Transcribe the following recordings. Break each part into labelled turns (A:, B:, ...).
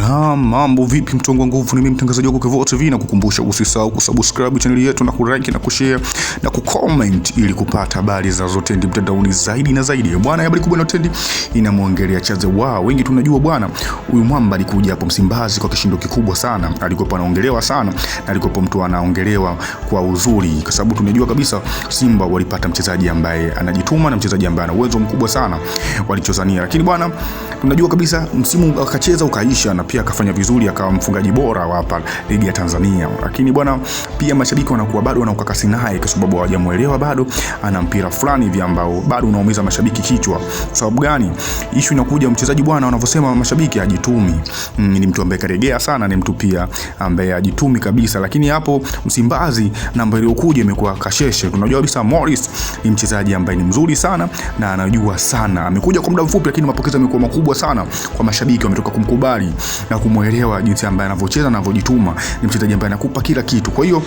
A: Na mambo vipi, mtongo wa nguvu, ni mimi mtangazaji wako Kevoo TV na kukumbusha usisahau kusubscribe channel yetu na kulike na kushare na kucomment ili kupata habari za zotendi mtandaoni zaidi na zaidi. Bwana, habari kubwa inayotendi inamwongelea Chaze wa wengi tunajua bwana, huyu mwamba alikuja hapo Msimbazi kwa kishindo kikubwa sana, alikuwa anaongelewa sana na alikuwa mtu anaongelewa kwa uzuri, kwa sababu tunajua kabisa Simba walipata mchezaji ambaye anajituma na mchezaji ambaye ana uwezo mkubwa sana walichozania, lakini bwana, tunajua kabisa msimu akacheza ukaisha na pia akafanya vizuri, akawa mfungaji bora wa hapa ligi ya Tanzania. Lakini bwana, pia mashabiki wanakuwa bado wanaukakasi naye kwa sababu hawajamuelewa bado, ana mpira fulani hivi ambao bado unaumiza mashabiki kichwa. Kwa sababu gani? Issue inakuja mchezaji bwana, wanavyosema mashabiki hajitumi. Mm, ni mtu ambaye karegea sana, ni mtu pia ambaye hajitumi kabisa. Lakini hapo Msimbazi namba iliyokuja imekuwa kasheshe. Tunajua kabisa Morris ni mchezaji ambaye ni mzuri sana na anajua sana, amekuja kwa muda mfupi, lakini mapokezi yamekuwa makubwa sana kwa mashabiki, wametoka kumkubali na kumwelewa jinsi ambaye anavyocheza na anavyojituma. Ni mchezaji ambaye anakupa kila kitu, kwa hiyo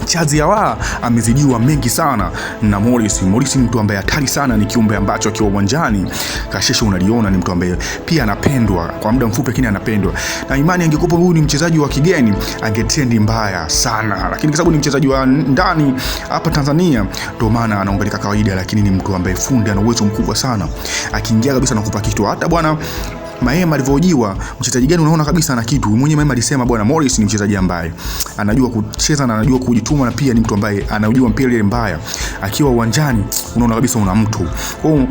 A: Chazi Chaziawa amezidiwa mengi sana na Morris. Morris ni mtu ambaye hatari sana, ni kiumbe ambacho akiwa uwanjani kasheshe unaliona, ni mtu ambaye pia anapendwa kwa muda mfupi, lakini anapendwa na imani. Angekuwa huyu ni mchezaji wa kigeni angetendi mbaya sana, lakini kwa sababu ni mchezaji wa ndani hapa Tanzania, ndio maana anaongeleka kawaida, lakini ni mtu ambaye fundi, ana uwezo mkubwa sana, akiingia kabisa nakupa kitu hata bwana Maema alivyojiwa, mchezaji gani unaona kabisa ana kitu. Mwenye Maema alisema bwana Morris ni mchezaji ambaye anajua kucheza na anajua kujituma na pia ni mtu ambaye anajua mpira ile mbaya. Akiwa uwanjani unaona kabisa una mtu. Kwa hiyo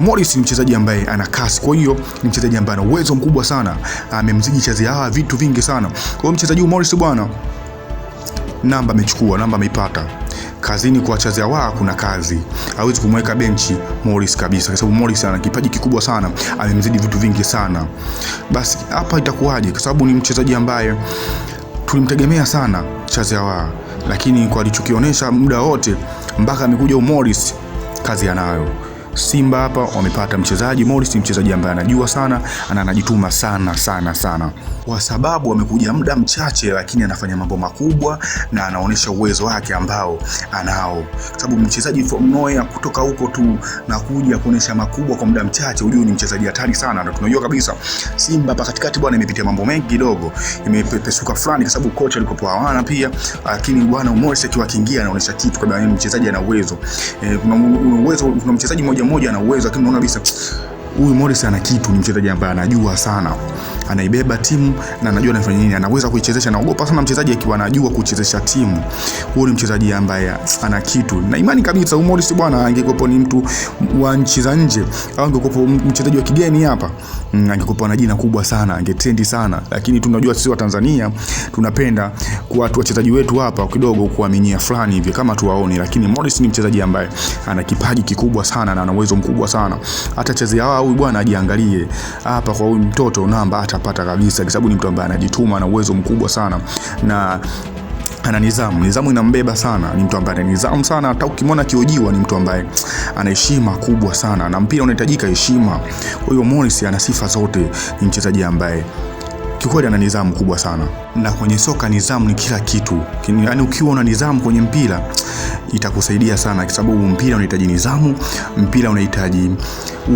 A: Morris ni mchezaji ambaye ana kasi, kwa hiyo ni mchezaji ambaye ana uwezo mkubwa sana. Amemzidi hawa vitu vingi sana. Kwa hiyo mchezaji huyu Morris bwana, namba amechukua, namba ameipata kazini kwa Chazawa kuna kazi. Hawezi kumweka benchi Morris kabisa kwa sababu Morris ana kipaji kikubwa sana, amemzidi vitu vingi sana. Basi hapa itakuwaje? Kwa sababu ni mchezaji ambaye tulimtegemea sana Chazawa, lakini kwa alichokionyesha muda wote mpaka amekuja Morris kazi anayo. Simba hapa wamepata mchezaji Morris, mchezaji ambaye anajua sana na anajituma sana sana sana, kwa sababu amekuja muda mchache, lakini anafanya mambo makubwa na anaonyesha uwezo wake ambao anao, kwa sababu mchezaji from nowhere kutoka huko tu na kuja kuonyesha makubwa kwa muda mchache, hujui ni mchezaji hatari sana, na tunajua kabisa Simba hapa katikati bwana imepitia mambo mengi kidogo, imepepesuka fulani, kwa sababu kocha alikuwa hawana pia, lakini bwana Morris akiwa akiingia anaonyesha kitu, kwa sababu mchezaji ana uwezo. e, Kuna uwezo, kuna mchezaji mmoja mmoja ana uwezo, lakini unaona kabisa huyu Morris ana kitu, ni mchezaji ambaye anajua sana anaibeba timu na anajua anafanya nini, anaweza kuichezesha. Naogopa sana mchezaji akiwa anajua kuchezesha timu, huyu ni mchezaji ambaye ana kitu na imani kabisa. Morris bwana, angekuwa ni mtu wa nchi za nje au angekuwa mchezaji wa kigeni hapa, mm, angekuwa na jina kubwa sana, angetendi sana, lakini tunajua sisi wa Tanzania tunapenda kuwatu wachezaji wetu hapa kidogo kuaminia fulani hivi kama tuwaoni, lakini Morris ni mchezaji ambaye ana kipaji kikubwa sana na ana uwezo mkubwa sana. Hata chezea ah, huyu bwana ajiangalie hapa kwa huyu mtoto namba hata atapata kabisa, kwa sababu ni mtu ambaye anajituma, na uwezo mkubwa sana na ana nidhamu. Nidhamu inambeba sana, ni mtu ambaye ana nidhamu sana. Hata ukimwona akiojiwa, ni mtu ambaye ana heshima kubwa sana, na mpira unahitajika heshima. Kwa hiyo Morris ana sifa zote, ni mchezaji ambaye kiukweli ana nidhamu kubwa sana, na kwenye soka nidhamu ni kila kitu. Yaani ukiwa una nidhamu kwenye mpira itakusaidia sana, kwa sababu mpira unahitaji nidhamu, mpira unahitaji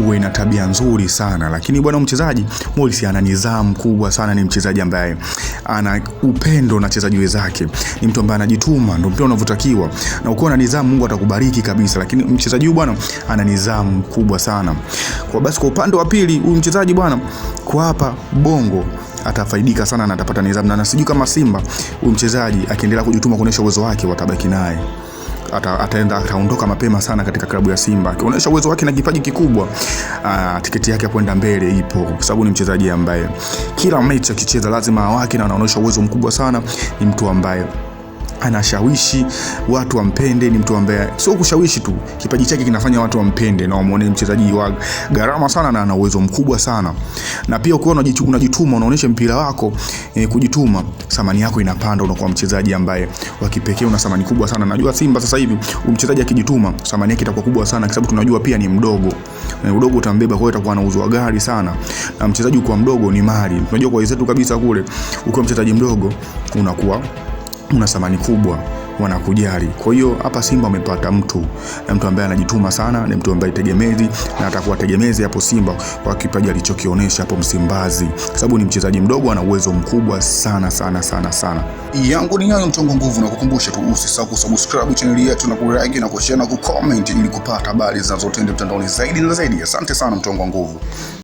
A: uwe na tabia nzuri sana. Lakini bwana mchezaji Morris ana nidhamu kubwa sana, ni mchezaji ambaye ana upendo na wachezaji wenzake, ni mtu ambaye anajituma, ndio mpira unavyotakiwa, na ukiwa na nidhamu Mungu atakubariki kabisa. Lakini mchezaji huyu bwana ana nidhamu kubwa sana. Kwa basi, kwa upande wa pili huyu mchezaji bwana, kwa hapa Bongo atafaidika sana na atapata nidhamu, na sijui kama Simba huyu mchezaji akiendelea kujituma kuonesha uwezo wake watabaki naye ata, ataondoka mapema sana katika klabu ya Simba akionyesha uwezo wake na kipaji kikubwa. Uh, tiketi yake ya kwenda mbele ipo kwa sababu ni mchezaji ambaye kila mechi akicheza lazima awake na anaonyesha uwezo mkubwa sana. Ni mtu ambaye anashawishi watu wampende. Ni mtu ambaye sio kushawishi tu, kipaji chake kinafanya watu wampende na wamuone mchezaji wa gharama sana na ana uwezo mkubwa sana. Na pia ukiwa unajituma, unaonesha mpira wako eh, kujituma, thamani yako inapanda, unakuwa mchezaji ambaye wa kipekee, una thamani kubwa sana. Najua Simba sasa hivi mchezaji akijituma, thamani yake itakuwa kubwa sana, kwa sababu tunajua pia ni mdogo, eh, udogo utambeba, kwa hiyo itakuwa na uzoa gari sana, na mchezaji kwa mdogo ni mali. Unajua kwa wenzetu kabisa kule, ukiwa mchezaji mdogo unakuwa una thamani kubwa, wanakujali. Kwa hiyo hapa Simba wamepata mtu na mtu ambaye anajituma sana, ni mtu ambaye tegemezi na atakuwa tegemezi hapo Simba kwa kipaji alichokionyesha hapo Msimbazi, sababu ni mchezaji mdogo, ana uwezo mkubwa sana sana sana sana. Yangu ni nyayo mtongo nguvu, na kukumbusha tu usisahau kusubscribe channel yetu na kulike na kushare na kucomment ili kupata habari zinazotendeka mtandaoni zaidi na zaidi. Asante sana mtongo nguvu.